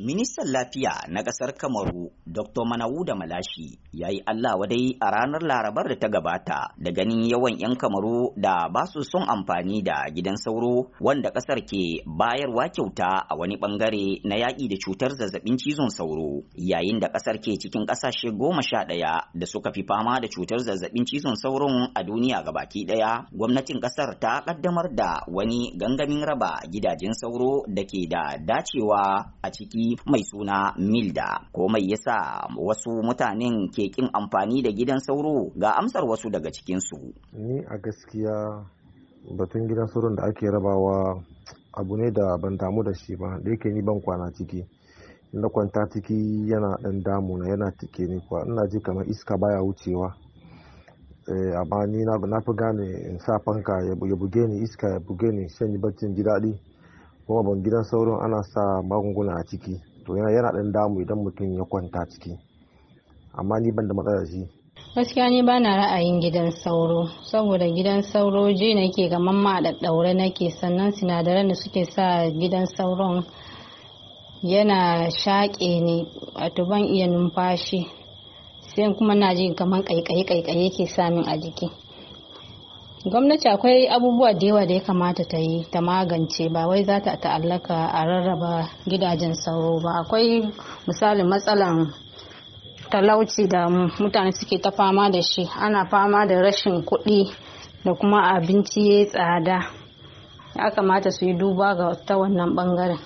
Ministan Lafiya na ƙasar Kamaru, Dr. da Malashi, ya yi Allah wadai a ranar Larabar da ta gabata da ganin yawan 'yan Kamaru da ba su son amfani da gidan sauro wanda ƙasar ke bayarwa kyauta a wani ɓangare na yaƙi da cutar zazzabin cizon sauro, yayin da ƙasar ke cikin ƙasashe goma sha ɗaya da suka fi fama da cutar zazzabin cizon sauron a duniya ga baki ɗaya. Gwamnatin ƙasar ta ƙaddamar da wani gangamin raba gidajen sauro da ke da dacewa a ciki mai suna milda komai yasa wasu mutanen ke kin amfani da gidan sauro ga amsar wasu daga cikinsu ni a gaskiya batun gidan sauron da ake rabawa abu ne da ban damu da shi ba da yake ni ban kwana ciki na kwanta ciki yana dan damuna yana tike ni kuwa ina ji kamar iska baya wucewa eh, amma ni na fi gane in sa fanka ya buge ni iska ya buge ni shan yi baccin ji daɗi kuma ban gidan sauron ana sa magunguna a ciki to yana yana dan damu idan mutum ya kwanta ciki amma ni ban da matsala shi gaskiya ni ba na ra'ayin gidan sauro saboda gidan sauro je nake ga mamma da daure nake sannan sinadaran da suke sa gidan sauron yana shaƙe ne wato ban iya numfashi sai kuma na ji kamar ƙaiƙayi ƙaiƙayi yake samin a jiki gwamnati akwai abubuwa da yawa da ya kamata ta yi ta magance ba wai za ta ta'allaka a rarraba gidajen sauro ba akwai misalin matsalan talauci da mutane suke ta fama da shi ana fama da rashin kuɗi da kuma abinci ya tsada ya kamata su yi duba ga ta wannan bangaren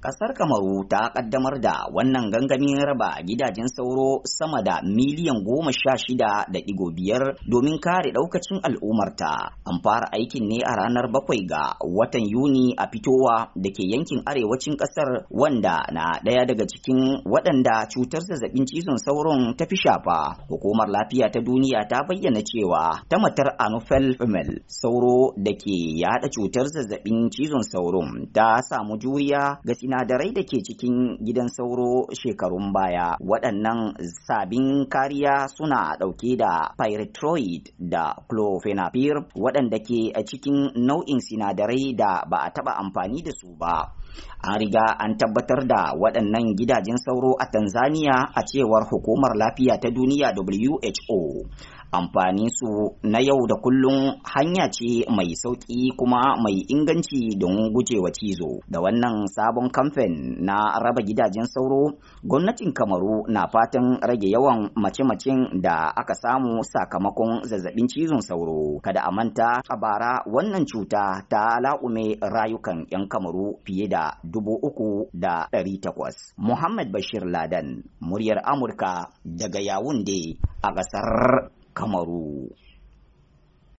Kasar Kamaru ta kaddamar da wannan gangamin raba gidajen sauro sama da miliyan goma sha shida da digo biyar domin kare ɗaukacin al'ummarta. An fara aikin ne a ranar bakwai ga watan Yuni a fitowa da ke yankin arewacin ƙasar wanda na ɗaya daga cikin waɗanda cutar zazzabin cizon sauron ta fi shafa. Hukumar lafiya ta duniya ta bayyana cewa ta matar Anofel Femel sauro da ke yaɗa cutar zazzabin cizon sauron ta samu juriya ga sinadarai da ke cikin gidan sauro shekarun baya waɗannan sabin kariya suna ɗauke da pyrethroid da chlorphenapir waɗanda ke a cikin nau'in sinadarai da ba a taɓa amfani da su ba an riga an tabbatar da waɗannan gidajen sauro a tanzania a cewar hukumar lafiya ta duniya who amfanin su na yau da kullum hanya ce mai sauƙi kuma mai inganci don gujewa cizo da wannan sabon kamfen na raba gidajen sauro gwamnatin kamaru na fatan rage yawan mace-macen da aka samu sakamakon zazzabin cizon sauro kada a manta a bara wannan cuta ta la'ume rayukan 'yan kamaru fiye da dubu uku da ɗari takwas muhammad bashir ladan muryar amurka daga yawunde a ƙasar kamaru